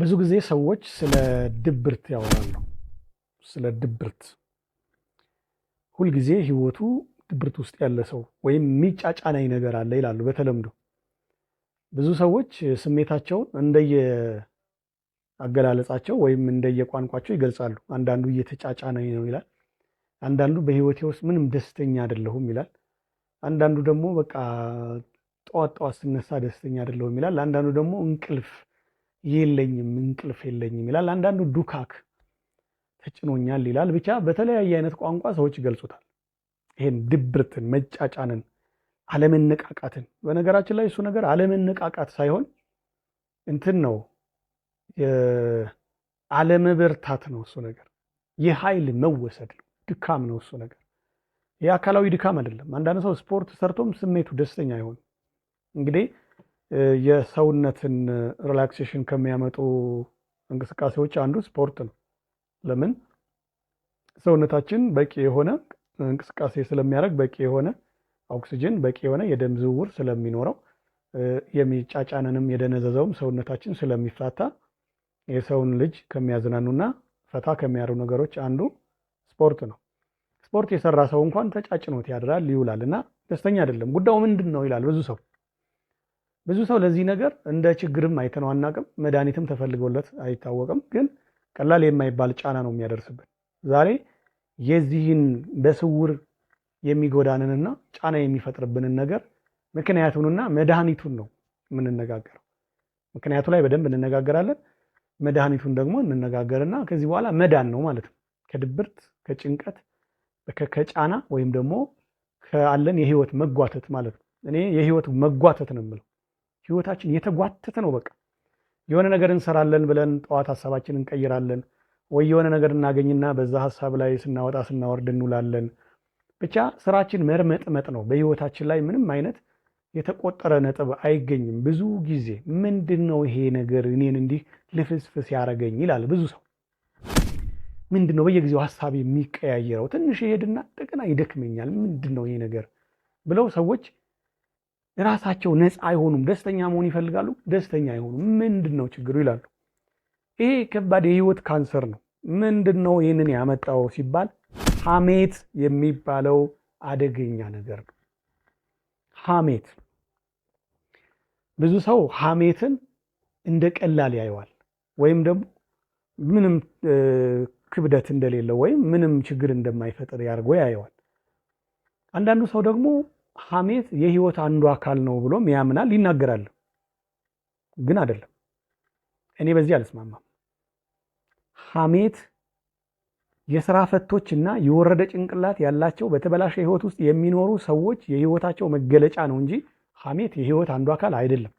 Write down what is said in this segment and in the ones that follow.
ብዙ ጊዜ ሰዎች ስለ ድብርት ያወራሉ። ስለ ድብርት ሁልጊዜ ህይወቱ ድብርት ውስጥ ያለ ሰው ወይም የሚጫጫናኝ ነገር አለ ይላሉ በተለምዶ ብዙ ሰዎች ስሜታቸውን እንደየ አገላለጻቸው ወይም እንደየቋንቋቸው ይገልጻሉ። አንዳንዱ እየተጫጫናኝ ነው ይላል። አንዳንዱ በህይወቴ ውስጥ ምንም ደስተኛ አይደለሁም ይላል። አንዳንዱ ደግሞ በቃ ጠዋት ጠዋት ስነሳ ደስተኛ አይደለሁም ይላል። አንዳንዱ ደግሞ እንቅልፍ የለኝም እንቅልፍ የለኝም ይላል። አንዳንዱ ዱካክ ተጭኖኛል ይላል። ብቻ በተለያየ አይነት ቋንቋ ሰዎች ይገልጹታል። ይሄን ድብርትን፣ መጫጫንን፣ አለመነቃቃትን። በነገራችን ላይ እሱ ነገር አለመነቃቃት ሳይሆን እንትን ነው አለመበርታት ነው። እሱ ነገር የኃይል መወሰድ ነው፣ ድካም ነው እሱ ነገር። የአካላዊ ድካም አይደለም። አንዳንድ ሰው ስፖርት ሰርቶም ስሜቱ ደስተኛ አይሆንም። እንግዲህ የሰውነትን ሪላክሴሽን ከሚያመጡ እንቅስቃሴዎች አንዱ ስፖርት ነው። ለምን ሰውነታችን በቂ የሆነ እንቅስቃሴ ስለሚያደርግ በቂ የሆነ ኦክሲጅን በቂ የሆነ የደም ዝውውር ስለሚኖረው የሚጫጫንንም የደነዘዘውም ሰውነታችን ስለሚፋታ የሰውን ልጅ ከሚያዝናኑና ፈታ ከሚያሩ ነገሮች አንዱ ስፖርት ነው። ስፖርት የሰራ ሰው እንኳን ተጫጭኖት ያድራል ይውላል እና ደስተኛ አይደለም። ጉዳዩ ምንድን ነው ይላል ብዙ ሰው ብዙ ሰው ለዚህ ነገር እንደ ችግርም አይተነው አናቅም፣ መድኃኒትም ተፈልጎለት አይታወቅም። ግን ቀላል የማይባል ጫና ነው የሚያደርስብን። ዛሬ የዚህን በስውር የሚጎዳንንና ጫና የሚፈጥርብንን ነገር ምክንያቱንና መድኃኒቱን ነው የምንነጋገረው። ምክንያቱ ላይ በደንብ እንነጋገራለን። መድኃኒቱን ደግሞ እንነጋገርና ከዚህ በኋላ መዳን ነው ማለት ነው ከድብርት ከጭንቀት ከጫና ወይም ደግሞ ካለን የህይወት መጓተት ማለት ነው። እኔ የህይወት መጓተት ነው የምለው። ህይወታችን የተጓተተ ነው። በቃ የሆነ ነገር እንሰራለን ብለን ጠዋት ሀሳባችን እንቀይራለን ወይ የሆነ ነገር እናገኝና በዛ ሀሳብ ላይ ስናወጣ ስናወርድ እንውላለን። ብቻ ስራችን መርመጥመጥ ነው። በህይወታችን ላይ ምንም አይነት የተቆጠረ ነጥብ አይገኝም። ብዙ ጊዜ ምንድን ነው ይሄ ነገር እኔን እንዲህ ልፍስፍስ ያደረገኝ ይላል ብዙ ሰው። ምንድን ነው በየጊዜው ሀሳብ የሚቀያየረው? ትንሽ ይሄድና እንደገና ይደክመኛል። ምንድን ነው ይሄ ነገር ብለው ሰዎች ራሳቸው ነፃ አይሆኑም። ደስተኛ መሆን ይፈልጋሉ፣ ደስተኛ አይሆኑም። ምንድን ነው ችግሩ ይላሉ። ይሄ ከባድ የህይወት ካንሰር ነው። ምንድን ነው ይህንን ያመጣው ሲባል ሐሜት የሚባለው አደገኛ ነገር ነው። ሐሜት ብዙ ሰው ሐሜትን እንደ ቀላል ያየዋል፣ ወይም ደግሞ ምንም ክብደት እንደሌለው ወይም ምንም ችግር እንደማይፈጥር ያድርጎ ያየዋል። አንዳንዱ ሰው ደግሞ ሐሜት የህይወት አንዱ አካል ነው ብሎም ያምናል ይናገራል። ግን አይደለም። እኔ በዚህ አልስማማም። ሐሜት የስራ ፈቶች እና የወረደ ጭንቅላት ያላቸው በተበላሸ ህይወት ውስጥ የሚኖሩ ሰዎች የህይወታቸው መገለጫ ነው እንጂ ሐሜት የህይወት አንዱ አካል አይደለም።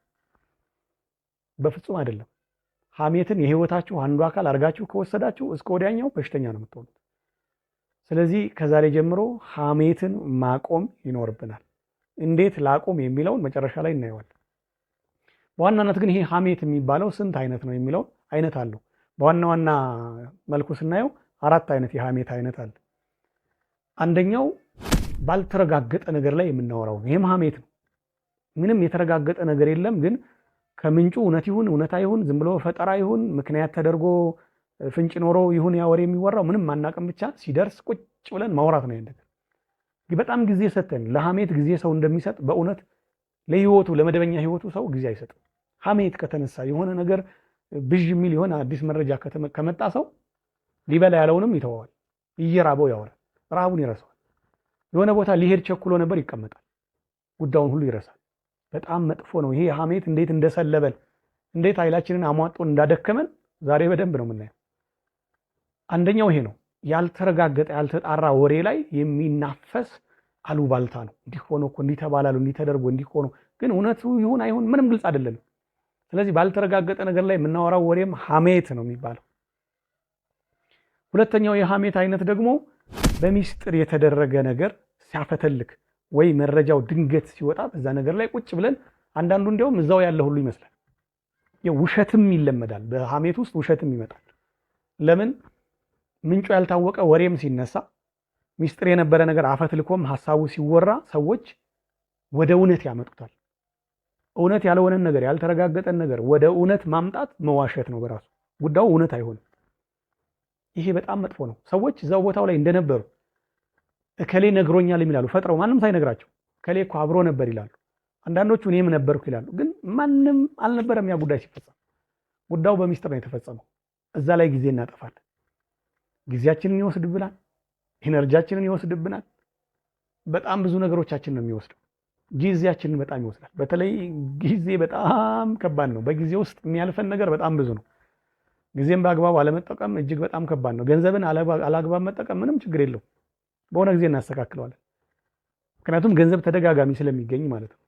በፍጹም አይደለም። ሐሜትን የህይወታችሁ አንዱ አካል አድርጋችሁ ከወሰዳችሁ እስከ ወዲያኛው በሽተኛ ነው የምትሆኑት። ስለዚህ ከዛሬ ጀምሮ ሐሜትን ማቆም ይኖርብናል። እንዴት ላቁም የሚለውን መጨረሻ ላይ እናየዋለን። በዋናነት ግን ይሄ ሀሜት የሚባለው ስንት አይነት ነው የሚለውን አይነት አለው። በዋና ዋና መልኩ ስናየው አራት አይነት የሀሜት አይነት አለ። አንደኛው ባልተረጋገጠ ነገር ላይ የምናወራው ይህም ሀሜት ነው። ምንም የተረጋገጠ ነገር የለም፣ ግን ከምንጩ እውነት ይሁን እውነታ ይሁን ዝም ብሎ ፈጠራ ይሁን ምክንያት ተደርጎ ፍንጭ ኖሮ ይሁን ያ የሚወራው ምንም ማናቅም ብቻ ሲደርስ ቁጭ ብለን ማውራት ነው ያንደገር በጣም ጊዜ ሰተን ለሐሜት ጊዜ ሰው እንደሚሰጥ በእውነት ለህይወቱ ለመደበኛ ህይወቱ ሰው ጊዜ አይሰጥም። ሐሜት ከተነሳ የሆነ ነገር ብዥ የሚል የሆነ አዲስ መረጃ ከመጣ ሰው ሊበላ ያለውንም ይተወዋል። እየራበው ያወራል፣ ረሃቡን ይረሳዋል። የሆነ ቦታ ሊሄድ ቸኩሎ ነበር ይቀመጣል፣ ጉዳዩን ሁሉ ይረሳል። በጣም መጥፎ ነው ይሄ ሐሜት። እንዴት እንደሰለበን እንዴት ኃይላችንን አሟጦን እንዳደከመን ዛሬ በደንብ ነው የምናየው። አንደኛው ይሄ ነው። ያልተረጋገጠ ያልተጣራ ወሬ ላይ የሚናፈስ አሉባልታ ነው። እንዲህ ሆኖ እኮ እንዲህ ተባላሉ፣ እንዲህ ተደርጎ እንዲህ ሆኖ ግን እውነቱ ይሁን አይሁን ምንም ግልጽ አይደለም። ስለዚህ ባልተረጋገጠ ነገር ላይ የምናወራው ወሬም ሐሜት ነው የሚባለው። ሁለተኛው የሐሜት አይነት ደግሞ በሚስጥር የተደረገ ነገር ሲያፈተልክ ወይ መረጃው ድንገት ሲወጣ በዛ ነገር ላይ ቁጭ ብለን አንዳንዱ እንዲያውም እዛው ያለ ሁሉ ይመስላል። ውሸትም ይለመዳል። በሐሜት ውስጥ ውሸትም ይመጣል። ለምን ምንጩ ያልታወቀ ወሬም ሲነሳ ሚስጥር የነበረ ነገር አፈትልኮም ሀሳቡ ሲወራ ሰዎች ወደ እውነት ያመጡታል። እውነት ያልሆነን ነገር ያልተረጋገጠን ነገር ወደ እውነት ማምጣት መዋሸት ነው በራሱ ጉዳዩ እውነት አይሆንም። ይሄ በጣም መጥፎ ነው። ሰዎች እዛው ቦታው ላይ እንደነበሩ እከሌ ነግሮኛል የሚላሉ ፈጥረው ማንም ሳይነግራቸው እከሌ እኮ አብሮ ነበር ይላሉ። አንዳንዶቹ እኔም ነበርኩ ይላሉ። ግን ማንም አልነበረም ያ ጉዳይ ሲፈጸም። ጉዳዩ በሚስጥር ነው የተፈጸመው። እዛ ላይ ጊዜ እናጠፋለን። ጊዜያችንን ይወስድብናል፣ ኢነርጂያችንን ይወስድብናል። በጣም ብዙ ነገሮቻችን ነው የሚወስደው። ጊዜያችንን በጣም ይወስዳል። በተለይ ጊዜ በጣም ከባድ ነው። በጊዜ ውስጥ የሚያልፈን ነገር በጣም ብዙ ነው። ጊዜም በአግባቡ አለመጠቀም እጅግ በጣም ከባድ ነው። ገንዘብን አላግባብ መጠቀም ምንም ችግር የለውም፣ በሆነ ጊዜ እናስተካክለዋለን። ምክንያቱም ገንዘብ ተደጋጋሚ ስለሚገኝ ማለት ነው።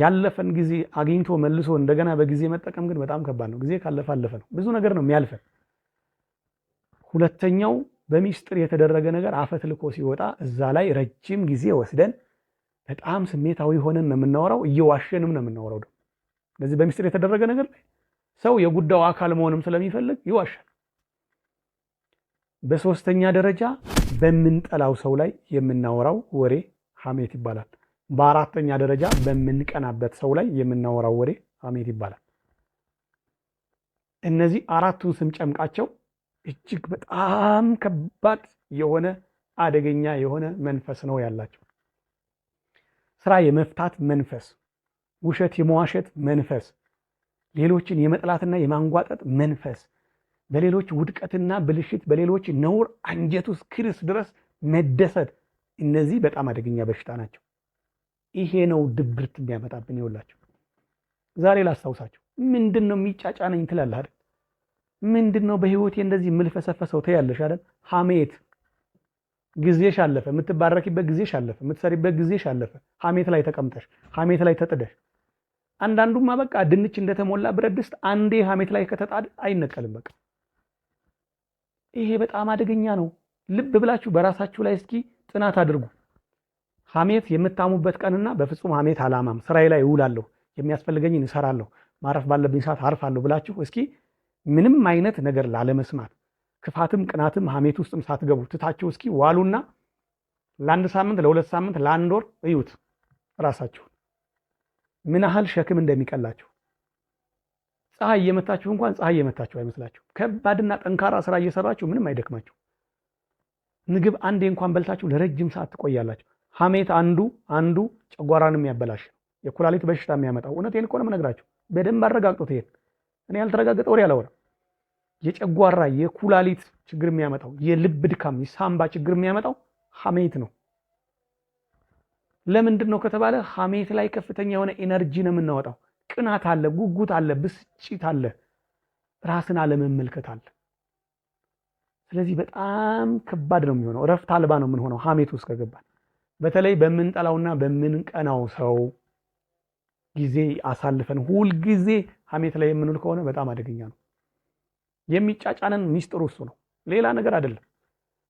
ያለፈን ጊዜ አግኝቶ መልሶ እንደገና በጊዜ መጠቀም ግን በጣም ከባድ ነው። ጊዜ ካለፈ አለፈ ነው። ብዙ ነገር ነው የሚያልፈን ሁለተኛው በሚስጥር የተደረገ ነገር አፈት ልኮ ሲወጣ እዛ ላይ ረጅም ጊዜ ወስደን በጣም ስሜታዊ ሆነን ነው የምናወራው፣ እየዋሸንም ነው የምናወራው። ደግሞ ስለዚህ በሚስጥር የተደረገ ነገር ላይ ሰው የጉዳዩ አካል መሆንም ስለሚፈልግ ይዋሻል። በሶስተኛ ደረጃ በምንጠላው ሰው ላይ የምናወራው ወሬ ሐሜት ይባላል። በአራተኛ ደረጃ በምንቀናበት ሰው ላይ የምናወራው ወሬ ሐሜት ይባላል። እነዚህ አራቱን ስም ጨምቃቸው እጅግ በጣም ከባድ የሆነ አደገኛ የሆነ መንፈስ ነው ያላቸው። ስራ የመፍታት መንፈስ፣ ውሸት የመዋሸት መንፈስ፣ ሌሎችን የመጥላትና የማንጓጠጥ መንፈስ፣ በሌሎች ውድቀትና ብልሽት፣ በሌሎች ነውር አንጀቱ እስኪርስ ድረስ መደሰት፣ እነዚህ በጣም አደገኛ በሽታ ናቸው። ይሄ ነው ድብርት የሚያመጣብን። ይኸውላችሁ ዛሬ ላስታውሳችሁ። ምንድን ነው የሚጫጫነኝ ትላለህ አይደል? ምንድን ነው በህይወቴ እንደዚህ የምልፈሰፈሰው? ትያለሽ አይደል? ሐሜት ጊዜሽ አለፈ። የምትባረኪበት ጊዜሽ አለፈ። የምትሰሪበት ጊዜሽ አለፈ። ሐሜት ላይ ተቀምጠሽ፣ ሐሜት ላይ ተጥደሽ። አንዳንዱማ በቃ ድንች እንደተሞላ ብረት ድስት አንዴ ሐሜት ላይ ከተጣድ አይነቀልም። በቃ ይሄ በጣም አደገኛ ነው። ልብ ብላችሁ በራሳችሁ ላይ እስኪ ጥናት አድርጉ። ሐሜት የምታሙበት ቀንና በፍጹም ሐሜት አላማም፣ ስራዬ ላይ እውላለሁ፣ የሚያስፈልገኝን እሰራለሁ፣ ማረፍ ባለብኝ ሰዓት አርፋለሁ ብላችሁ እስኪ ምንም አይነት ነገር ላለመስማት ክፋትም ቅናትም ሐሜት ውስጥም ሳትገቡ ትታችሁ እስኪ ዋሉና ለአንድ ሳምንት፣ ለሁለት ሳምንት፣ ለአንድ ወር እዩት ራሳችሁን ምን ያህል ሸክም እንደሚቀላችሁ። ፀሐይ እየመታችሁ እንኳን ፀሐይ እየመታችሁ አይመስላችሁ። ከባድና ጠንካራ ስራ እየሰራችሁ ምንም አይደክማችሁ። ምግብ አንዴ እንኳን በልታችሁ ለረጅም ሰዓት ትቆያላችሁ። ሐሜት አንዱ አንዱ ጨጓራን የሚያበላሽ የኩላሊት በሽታ የሚያመጣው እውነቴን እኮ ነው የምነግራችሁ። በደንብ አረጋግጦት ይሄን እኔ ያልተረጋገጠ ወሬ አላወራም። የጨጓራ የኩላሊት ችግር የሚያመጣው የልብ ድካም፣ የሳምባ ችግር የሚያመጣው ሐሜት ነው። ለምንድን ነው ከተባለ ሐሜት ላይ ከፍተኛ የሆነ ኤነርጂ ነው የምናወጣው። ቅናት አለ፣ ጉጉት አለ፣ ብስጭት አለ፣ ራስን አለመመልከት አለ። ስለዚህ በጣም ከባድ ነው የሚሆነው። እረፍት አልባ ነው የምንሆነው ሐሜት ውስጥ ከገባን። በተለይ በምንጠላውና በምንቀናው ሰው ጊዜ አሳልፈን ሁልጊዜ ሐሜት ላይ የምንውል ከሆነ በጣም አደገኛ ነው። የሚጫጫንን ሚስጥሩ እሱ ነው፣ ሌላ ነገር አይደለም።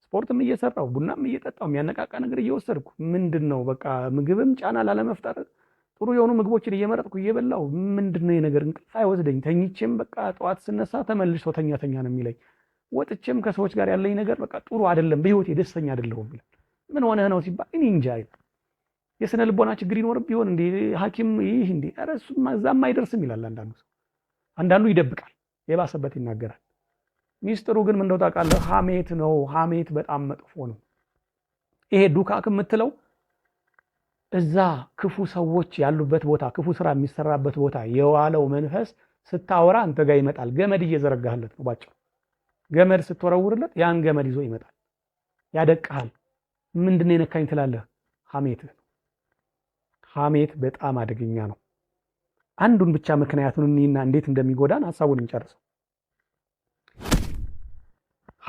ስፖርትም እየሰራው ቡናም እየጠጣው የሚያነቃቃ ነገር እየወሰድኩ ምንድን ነው በቃ ምግብም ጫና ላለመፍጠር ጥሩ የሆኑ ምግቦችን እየመረጥኩ እየበላው ምንድን ነው የነገር እንቅልፍ አይወስደኝ። ተኝቼም በቃ ጠዋት ስነሳ ተመልሶ ተኛ ተኛ ነው የሚለኝ። ወጥቼም ከሰዎች ጋር ያለኝ ነገር በቃ ጥሩ አይደለም፣ በህይወቴ ደስተኛ አይደለሁም ይላል። ምን ሆነህ ነው ሲባል እኔ እንጃ የስነ ልቦና ችግር ይኖር ቢሆን እንዲ ሐኪም ይህ እንዲ ረሱ እዛም አይደርስም ይላል አንዳንዱ ሰው። አንዳንዱ ይደብቃል፣ የባሰበት ይናገራል። ሚስጥሩ ግን ምንደው ታውቃለህ? ሐሜት ነው። ሐሜት በጣም መጥፎ ነው። ይሄ ዱካክ የምትለው እዛ ክፉ ሰዎች ያሉበት ቦታ፣ ክፉ ስራ የሚሰራበት ቦታ የዋለው መንፈስ ስታወራ አንተ ጋር ይመጣል። ገመድ እየዘረጋህለት ነው። ባጭሩ ገመድ ስትወረውርለት ያን ገመድ ይዞ ይመጣል፣ ያደቅሃል። ምንድን የነካኝ ትላለህ? ሐሜትህ ሐሜት በጣም አደገኛ ነው። አንዱን ብቻ ምክንያቱን እኒና እንዴት እንደሚጎዳን ሀሳቡን እንጨርሰው።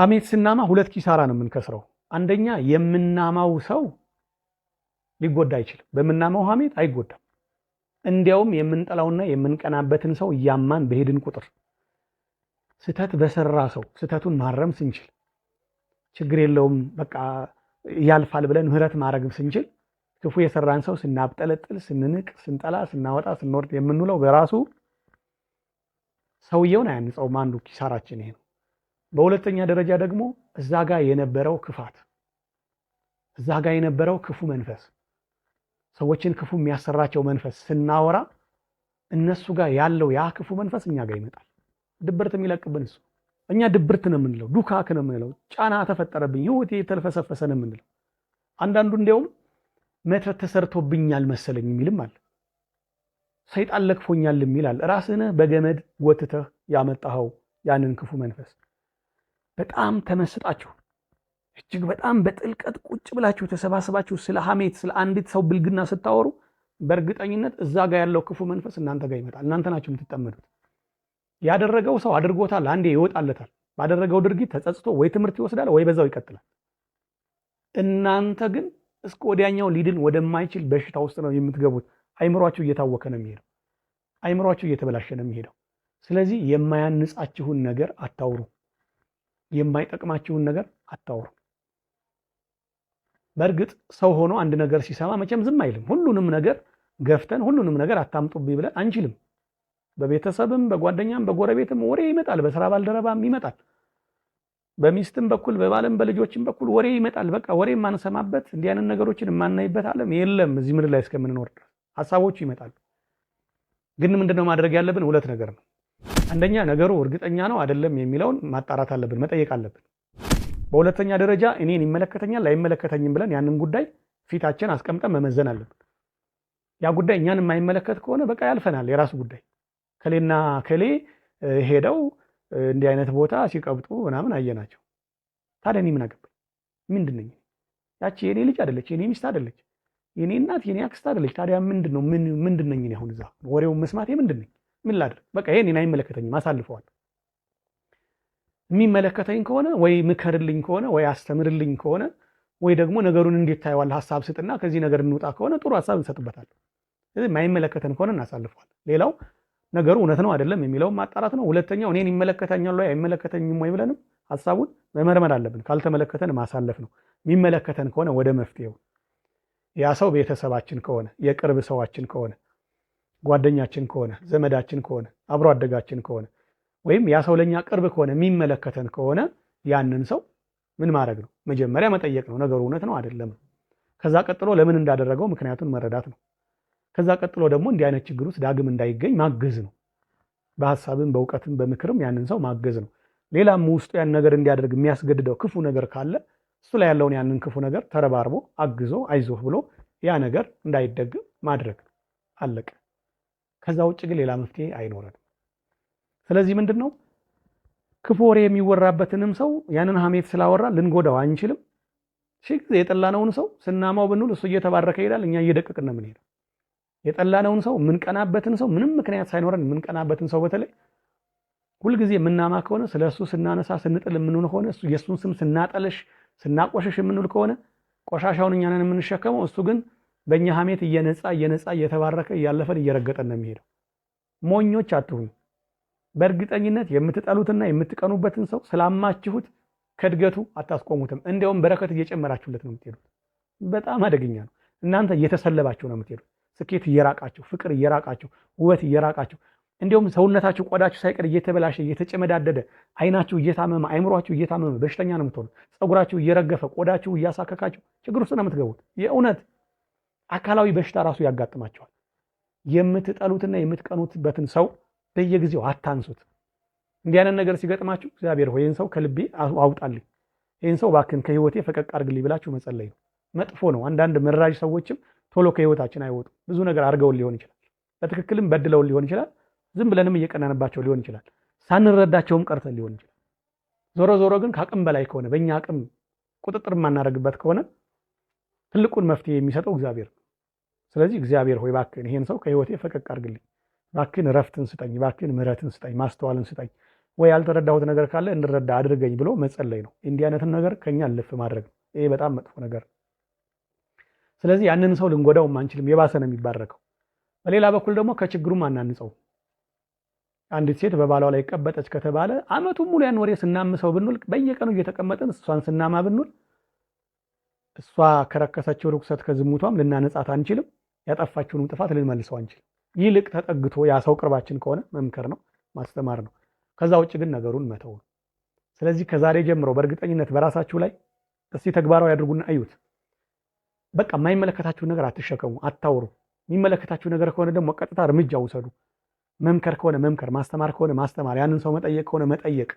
ሐሜት ስናማ ሁለት ኪሳራ ነው የምንከስረው። አንደኛ የምናማው ሰው ሊጎዳ አይችልም። በምናማው ሐሜት አይጎዳም። እንዲያውም የምንጠላውና የምንቀናበትን ሰው እያማን በሄድን ቁጥር ስህተት በሰራ ሰው ስህተቱን ማረም ስንችል፣ ችግር የለውም በቃ ያልፋል ብለን ምህረት ማድረግ ስንችል፣ ክፉ የሰራን ሰው ስናብጠለጥል፣ ስንንቅ፣ ስንጠላ፣ ስናወጣ፣ ስንወርድ የምንውለው በራሱ ሰውየውን አያንጸውም። አንዱ ኪሳራችን ይሄ ነው። በሁለተኛ ደረጃ ደግሞ እዛ ጋር የነበረው ክፋት፣ እዛ ጋር የነበረው ክፉ መንፈስ፣ ሰዎችን ክፉ የሚያሰራቸው መንፈስ ስናወራ እነሱ ጋር ያለው ያ ክፉ መንፈስ እኛ ጋር ይመጣል። ድብርት የሚለቅብን እሱ። እኛ ድብርት ነው የምንለው፣ ዱካክ ነው የምንለው፣ ጫና ተፈጠረብኝ፣ ህይወት የተልፈሰፈሰ ነው የምንለው። አንዳንዱ እንዲያውም መተት ተሰርቶብኛል መሰለኝ የሚልም አለ። ሰይጣን ለክፎኛል የሚል አለ። ራስህን በገመድ ወትተህ ያመጣኸው ያንን ክፉ መንፈስ በጣም ተመስጣችሁ እጅግ በጣም በጥልቀት ቁጭ ብላችሁ ተሰባስባችሁ ስለ ሐሜት ስለ አንዲት ሰው ብልግና ስታወሩ በእርግጠኝነት እዛ ጋር ያለው ክፉ መንፈስ እናንተ ጋር ይመጣል። እናንተ ናችሁ የምትጠመዱት። ያደረገው ሰው አድርጎታል፣ አንዴ ይወጣለታል። ባደረገው ድርጊት ተጸጽቶ ወይ ትምህርት ይወስዳል ወይ በዛው ይቀጥላል። እናንተ ግን እስከ ወዲያኛው ሊድን ወደማይችል በሽታ ውስጥ ነው የምትገቡት። አይምሯችሁ እየታወከ ነው የሚሄደው። አይምሯችሁ እየተበላሸ ነው የሚሄደው። ስለዚህ የማያንጻችሁን ነገር አታውሩ። የማይጠቅማችሁን ነገር አታውሩ። በእርግጥ ሰው ሆኖ አንድ ነገር ሲሰማ መቼም ዝም አይልም። ሁሉንም ነገር ገፍተን ሁሉንም ነገር አታምጡብኝ ብለን አንችልም። በቤተሰብም በጓደኛም በጎረቤትም ወሬ ይመጣል። በስራ ባልደረባም ይመጣል። በሚስትም በኩል በባልም በልጆችም በኩል ወሬ ይመጣል። በቃ ወሬ የማንሰማበት እንዲህ አይነት ነገሮችን የማናይበት ዓለም የለም እዚህ ምድር ላይ እስከምንኖር ድረስ ሀሳቦቹ ይመጣሉ። ግን ምንድነው ማድረግ ያለብን? ሁለት ነገር ነው። አንደኛ ነገሩ እርግጠኛ ነው አይደለም የሚለውን ማጣራት አለብን፣ መጠየቅ አለብን። በሁለተኛ ደረጃ እኔን ይመለከተኛል አይመለከተኝም ብለን ያንን ጉዳይ ፊታችን አስቀምጠን መመዘን አለብን። ያ ጉዳይ እኛን የማይመለከት ከሆነ በቃ ያልፈናል፣ የራሱ ጉዳይ። ከሌና ከሌ ሄደው እንዲህ አይነት ቦታ ሲቀብጡ ምናምን አየናቸው። ታዲያ እኔ ምን አገባኝ? ምንድን ነኝ? ያቺ የኔ ልጅ አደለች፣ የኔ ሚስት አደለች፣ የኔ እናት፣ የኔ አክስት አደለች። ታዲያ ምንድን ነው? ምንድን ነኝ አሁን? እዛ ወሬውን መስማቴ ምንድን ነኝ? ምን ላድርግ? በቃ ይሄ እኔን አይመለከተኝም፣ አሳልፈዋለሁ። የሚመለከተኝ ከሆነ ወይ ምከርልኝ ከሆነ ወይ አስተምርልኝ ከሆነ ወይ ደግሞ ነገሩን እንዴት ታየዋለህ ሀሳብ ስጥና ከዚህ ነገር እንውጣ ከሆነ ጥሩ ሀሳብ እንሰጥበታለን። ስለዚህ የማይመለከተን ከሆነ እናሳልፈዋል። ሌላው ነገሩ እውነት ነው አይደለም የሚለውን ማጣራት ነው። ሁለተኛው እኔን ይመለከተኛል ወይ አይመለከተኝም ወይ ብለንም ሀሳቡን መመርመር አለብን። ካልተመለከተን ማሳለፍ ነው። የሚመለከተን ከሆነ ወደ መፍትሄው ያ ሰው ቤተሰባችን ከሆነ የቅርብ ሰዋችን ከሆነ ጓደኛችን ከሆነ ዘመዳችን ከሆነ አብሮ አደጋችን ከሆነ ወይም ያ ሰው ለእኛ ቅርብ ከሆነ የሚመለከተን ከሆነ ያንን ሰው ምን ማድረግ ነው? መጀመሪያ መጠየቅ ነው። ነገሩ እውነት ነው አይደለም። ከዛ ቀጥሎ ለምን እንዳደረገው ምክንያቱን መረዳት ነው። ከዛ ቀጥሎ ደግሞ እንዲህ አይነት ችግር ውስጥ ዳግም እንዳይገኝ ማገዝ ነው። በሀሳብም በእውቀትም በምክርም ያንን ሰው ማገዝ ነው። ሌላም ውስጡ ያን ነገር እንዲያደርግ የሚያስገድደው ክፉ ነገር ካለ እሱ ላይ ያለውን ያንን ክፉ ነገር ተረባርቦ አግዞ አይዞህ ብሎ ያ ነገር እንዳይደግም ማድረግ አለቀ። ከዛ ውጭ ግን ሌላ መፍትሄ አይኖረንም። ስለዚህ ምንድን ነው ክፉ ወሬ የሚወራበትንም ሰው ያንን ሀሜት ስላወራ ልንጎዳው አንችልም። ሺ ጊዜ የጠላነውን ሰው ስናማው ብንውል እሱ እየተባረከ ይሄዳል፣ እኛ እየደቀቅን ነው የምንሄደው። የጠላነውን ሰው የምንቀናበትን ሰው ምንም ምክንያት ሳይኖረን የምንቀናበትን ሰው በተለይ ሁልጊዜ የምናማ ከሆነ ስለ እሱ ስናነሳ ስንጥል የምንሆን ከሆነ የእሱን ስም ስናጠልሽ ስናቆሽሽ የምንውል ከሆነ ቆሻሻውን እኛንን የምንሸከመው እሱ ግን በእኛ ሐሜት እየነጻ እየነጻ እየተባረከ እያለፈን እየረገጠን ነው የሚሄደው። ሞኞች አትሁኝ። በእርግጠኝነት የምትጠሉትና የምትቀኑበትን ሰው ስላማችሁት ከእድገቱ አታስቆሙትም። እንዲያውም በረከት እየጨመራችሁለት ነው የምትሄዱት። በጣም አደገኛ ነው። እናንተ እየተሰለባችሁ ነው የምትሄዱት። ስኬት እየራቃችሁ፣ ፍቅር እየራቃችሁ፣ ውበት እየራቃችሁ እንዲሁም ሰውነታችሁ ቆዳችሁ ሳይቀር እየተበላሸ እየተጨመዳደደ አይናችሁ እየታመመ አይምሯችሁ እየታመመ በሽተኛ ነው የምትሆኑ። ፀጉራችሁ እየረገፈ ቆዳችሁ እያሳከካችሁ ችግር ውስጥ ነው የምትገቡት የእውነት አካላዊ በሽታ ራሱ ያጋጥማቸዋል። የምትጠሉትና የምትቀኑትበትን ሰው በየጊዜው አታንሱት። እንዲህ አይነት ነገር ሲገጥማችሁ እግዚአብሔር ሆይ ይህን ሰው ከልቤ አውጣልኝ፣ ይህን ሰው እባክህን ከህይወቴ ፈቀቅ አድርግልኝ ብላችሁ መጸለይ ነው። መጥፎ ነው። አንዳንድ መራዥ ሰዎችም ቶሎ ከህይወታችን አይወጡም። ብዙ ነገር አድርገውን ሊሆን ይችላል፣ በትክክልም በድለውን ሊሆን ይችላል፣ ዝም ብለንም እየቀናንባቸው ሊሆን ይችላል፣ ሳንረዳቸውም ቀርተን ሊሆን ይችላል። ዞሮ ዞሮ ግን ከአቅም በላይ ከሆነ በእኛ አቅም ቁጥጥር የማናደርግበት ከሆነ ትልቁን መፍትሄ የሚሰጠው እግዚአብሔር ነው። ስለዚህ እግዚአብሔር ሆይ ባክን ይሄን ሰው ከህይወቴ ፈቀቅ አድርግልኝ፣ ባክን ረፍትን ስጠኝ፣ ባክን ምሕረትን ስጠኝ፣ ማስተዋልን ስጠኝ፣ ወይ ያልተረዳሁት ነገር ካለ እንድረዳ አድርገኝ ብሎ መጸለይ ነው። እንዲህ አይነትን ነገር ከኛ ልፍ ማድረግ ነው። ይሄ በጣም መጥፎ ነገር። ስለዚህ ያንን ሰው ልንጎዳውም አንችልም። የባሰ ነው የሚባረከው። በሌላ በኩል ደግሞ ከችግሩም አናንጸው። አንዲት ሴት በባሏ ላይ ቀበጠች ከተባለ አመቱን ሙሉ ያን ወሬ ስናምሰው ብንውል፣ በየቀኑ እየተቀመጠን እሷን ስናማ ብንውል እሷ ከረከሰችው ርኩሰት ከዝሙቷም ልናነጻት አንችልም። ያጠፋችውንም ጥፋት ልንመልሰው አንችልም። ይልቅ ተጠግቶ ያ ሰው ቅርባችን ከሆነ መምከር ነው፣ ማስተማር ነው። ከዛ ውጭ ግን ነገሩን መተው ነው። ስለዚህ ከዛሬ ጀምሮ በእርግጠኝነት በራሳችሁ ላይ እስቲ ተግባራዊ ያድርጉና እዩት። በቃ የማይመለከታችሁን ነገር አትሸከሙ፣ አታውሩ። የሚመለከታችሁ ነገር ከሆነ ደግሞ ቀጥታ እርምጃ ውሰዱ። መምከር ከሆነ መምከር፣ ማስተማር ከሆነ ማስተማር፣ ያንን ሰው መጠየቅ ከሆነ መጠየቅ፣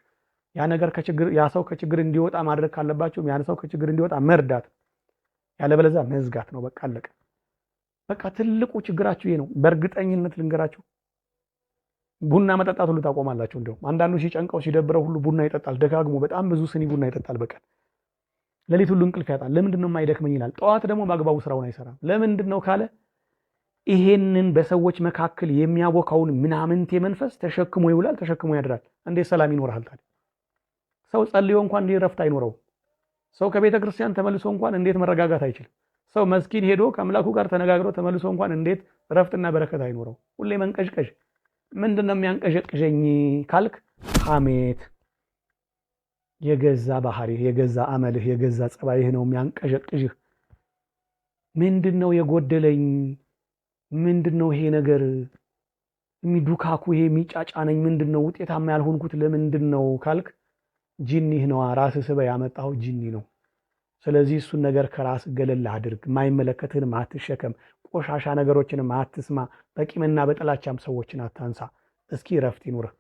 ያ ነገር ከችግር ያ ሰው ከችግር እንዲወጣ ማድረግ ካለባችሁም ያን ሰው ከችግር እንዲወጣ መርዳት ያለበለዛ መዝጋት ነው። በቃ አለቀ። በቃ ትልቁ ችግራችሁ ይሄ ነው። በእርግጠኝነት ልንገራችሁ፣ ቡና መጠጣት ሁሉ ታቆማላችሁ። እንደውም አንዳንዱ ሲጨንቀው ሲደብረው ሁሉ ቡና ይጠጣል ደጋግሞ፣ በጣም ብዙ ስኒ ቡና ይጠጣል በቀን ሌሊት ሁሉ እንቅልፍ ያጣል። ለምንድን ነው የማይደክመኝ ይላል። ጠዋት ደግሞ በአግባቡ ስራውን አይሰራም። ለምንድን ነው ካለ ይሄንን በሰዎች መካከል የሚያቦካውን ምናምንቴ መንፈስ ተሸክሞ ይውላል፣ ተሸክሞ ያድራል። እንዴት ሰላም ይኖርሃል ታዲያ? ሰው ጸልዮ እንኳን እንዲህ ረፍት አይኖረውም። ሰው ከቤተ ክርስቲያን ተመልሶ እንኳን እንዴት መረጋጋት አይችልም? ሰው መስጊድ ሄዶ ከአምላኩ ጋር ተነጋግሮ ተመልሶ እንኳን እንዴት እረፍትና በረከት አይኖረው? ሁሌ መንቀዥቀዥ። ምንድን ነው የሚያንቀዠቅዠኝ ካልክ ሐሜት፣ የገዛ ባህሪህ፣ የገዛ አመልህ፣ የገዛ ጸባይህ ነው የሚያንቀዠቅዥህ። ምንድን ነው የጎደለኝ? ምንድን ነው ይሄ ነገር የሚዱካኩ ይሄ የሚጫጫነኝ ምንድን ነው? ውጤታማ ያልሆንኩት ለምንድን ነው ካልክ ጂኒህ ነዋ ራስ ስበ ያመጣው ጂኒ ነው። ስለዚህ እሱን ነገር ከራስ ገለል አድርግ። የማይመለከትህንም አትሸከም። ቆሻሻ ነገሮችን አትስማ። በቂምና በጥላቻም ሰዎችን አታንሳ። እስኪ ረፍት ይኑርህ።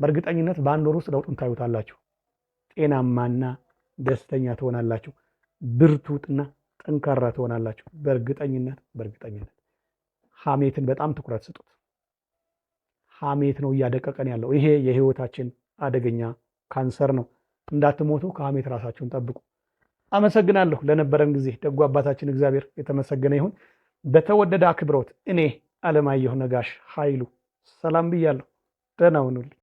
በእርግጠኝነት በአንድ ወር ውስጥ ለውጡን ታዩታላችሁ። ጤናማና ደስተኛ ትሆናላችሁ። ብርቱጥና ጠንካራ ትሆናላችሁ። በእርግጠኝነት በእርግጠኝነት ሐሜትን በጣም ትኩረት ስጡት። ሐሜት ነው እያደቀቀን ያለው። ይሄ የህይወታችን አደገኛ ካንሰር ነው። እንዳትሞቱ ከሐሜት ራሳችሁን ጠብቁ። አመሰግናለሁ ለነበረን ጊዜ። ደጉ አባታችን እግዚአብሔር የተመሰገነ ይሁን። በተወደደ አክብሮት እኔ አለማየሁ ነጋሽ ኃይሉ ሰላም ብያለሁ። ደህና ሁኑልኝ።